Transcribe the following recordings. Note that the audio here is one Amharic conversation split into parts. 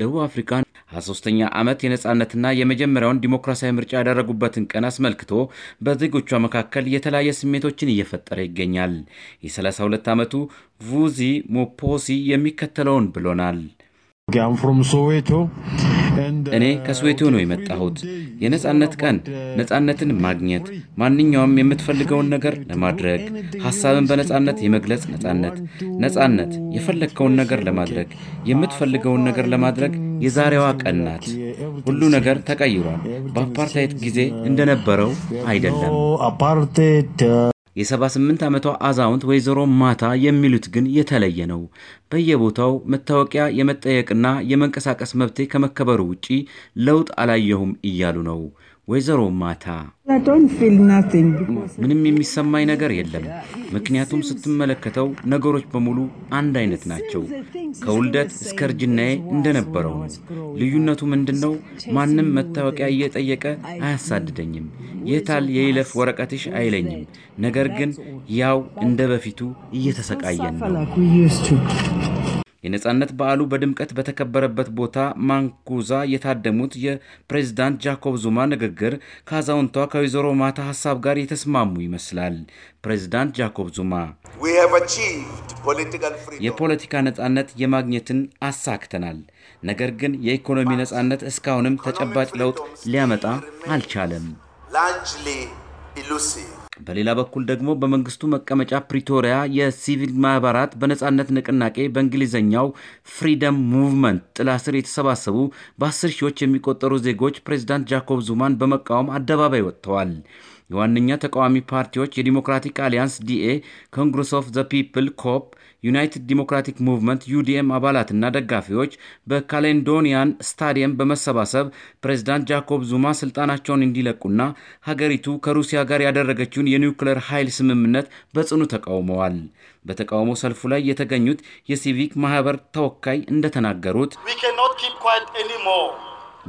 ደቡብ አፍሪካን 23ኛ ዓመት የነፃነትና የመጀመሪያውን ዲሞክራሲያዊ ምርጫ ያደረጉበትን ቀን አስመልክቶ በዜጎቿ መካከል የተለያየ ስሜቶችን እየፈጠረ ይገኛል። የ32 ዓመቱ ቩዚ ሞፖሲ የሚከተለውን ብሎናል። ሶዌቶ እኔ ከስዌቴ ነው የመጣሁት። የነፃነት ቀን ነፃነትን ማግኘት፣ ማንኛውም የምትፈልገውን ነገር ለማድረግ፣ ሐሳብን በነፃነት የመግለጽ ነፃነት፣ ነፃነት የፈለግከውን ነገር ለማድረግ፣ የምትፈልገውን ነገር ለማድረግ የዛሬዋ ቀን ናት። ሁሉ ነገር ተቀይሯል። በአፓርታይት ጊዜ እንደነበረው አይደለም። የ78 ዓመቷ አዛውንት ወይዘሮ ማታ የሚሉት ግን የተለየ ነው። በየቦታው መታወቂያ የመጠየቅና የመንቀሳቀስ መብቴ ከመከበሩ ውጪ ለውጥ አላየሁም እያሉ ነው። ወይዘሮ ማታ ምንም የሚሰማኝ ነገር የለም። ምክንያቱም ስትመለከተው ነገሮች በሙሉ አንድ አይነት ናቸው። ከውልደት እስከ እርጅናዬ እንደነበረው ነው። ልዩነቱ ምንድን ነው? ማንም መታወቂያ እየጠየቀ አያሳድደኝም። የታል የይለፍ ወረቀትሽ አይለኝም። ነገር ግን ያው እንደ በፊቱ እየተሰቃየን ነው። የነጻነት በዓሉ በድምቀት በተከበረበት ቦታ ማንኩዛ የታደሙት የፕሬዝዳንት ጃኮብ ዙማ ንግግር ከአዛውንቷ ከወይዘሮ ማታ ሀሳብ ጋር የተስማሙ ይመስላል። ፕሬዚዳንት ጃኮብ ዙማ የፖለቲካ ነጻነት የማግኘትን አሳክተናል፣ ነገር ግን የኢኮኖሚ ነጻነት እስካሁንም ተጨባጭ ለውጥ ሊያመጣ አልቻለም። በሌላ በኩል ደግሞ በመንግስቱ መቀመጫ ፕሪቶሪያ የሲቪል ማህበራት በነፃነት ንቅናቄ በእንግሊዝኛው ፍሪደም ሙቭመንት ጥላ ስር የተሰባሰቡ በአስር ሺዎች የሚቆጠሩ ዜጎች ፕሬዚዳንት ጃኮብ ዙማን በመቃወም አደባባይ ወጥተዋል። የዋነኛ ተቃዋሚ ፓርቲዎች የዲሞክራቲክ አሊያንስ ዲኤ፣ ኮንግረስ ኦፍ ዘ ፒፕል ኮፕ፣ ዩናይትድ ዲሞክራቲክ ሙቭመንት ዩዲኤም አባላትና ደጋፊዎች በካሌንዶኒያን ስታዲየም በመሰባሰብ ፕሬዝዳንት ጃኮብ ዙማ ስልጣናቸውን እንዲለቁና ሀገሪቱ ከሩሲያ ጋር ያደረገችውን የኒውክሌር ኃይል ስምምነት በጽኑ ተቃውመዋል። በተቃውሞ ሰልፉ ላይ የተገኙት የሲቪክ ማህበር ተወካይ እንደተናገሩት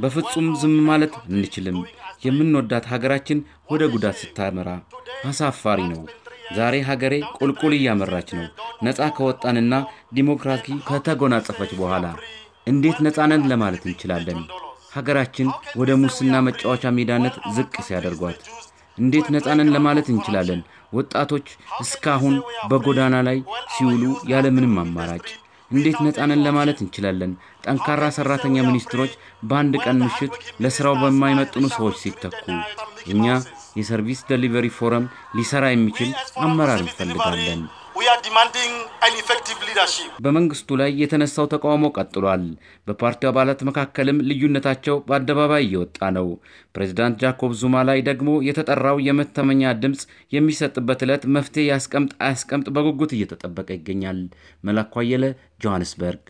በፍጹም ዝም ማለት አንችልም። የምንወዳት ሀገራችን ወደ ጉዳት ስታመራ አሳፋሪ ነው። ዛሬ ሀገሬ ቁልቁል እያመራች ነው። ነፃ ከወጣንና ዲሞክራሲ ከተጎናጸፈች በኋላ እንዴት ነፃነን ለማለት እንችላለን? ሀገራችን ወደ ሙስና መጫወቻ ሜዳነት ዝቅ ሲያደርጓት እንዴት ነፃነን ለማለት እንችላለን? ወጣቶች እስካሁን በጎዳና ላይ ሲውሉ ያለምንም አማራጭ እንዴት ነፃነን ለማለት እንችላለን? ጠንካራ ሰራተኛ ሚኒስትሮች በአንድ ቀን ምሽት ለስራው በማይመጥኑ ሰዎች ሲተኩ፣ እኛ የሰርቪስ ደሊቨሪ ፎረም ሊሰራ የሚችል አመራር እንፈልጋለን። በመንግስቱ ላይ የተነሳው ተቃውሞ ቀጥሏል። በፓርቲው አባላት መካከልም ልዩነታቸው በአደባባይ እየወጣ ነው። ፕሬዚዳንት ጃኮብ ዙማ ላይ ደግሞ የተጠራው የመተመኛ ድምፅ የሚሰጥበት ዕለት መፍትሄ ያስቀምጥ አያስቀምጥ በጉጉት እየተጠበቀ ይገኛል። መላኩ አየለ ጆሃንስበርግ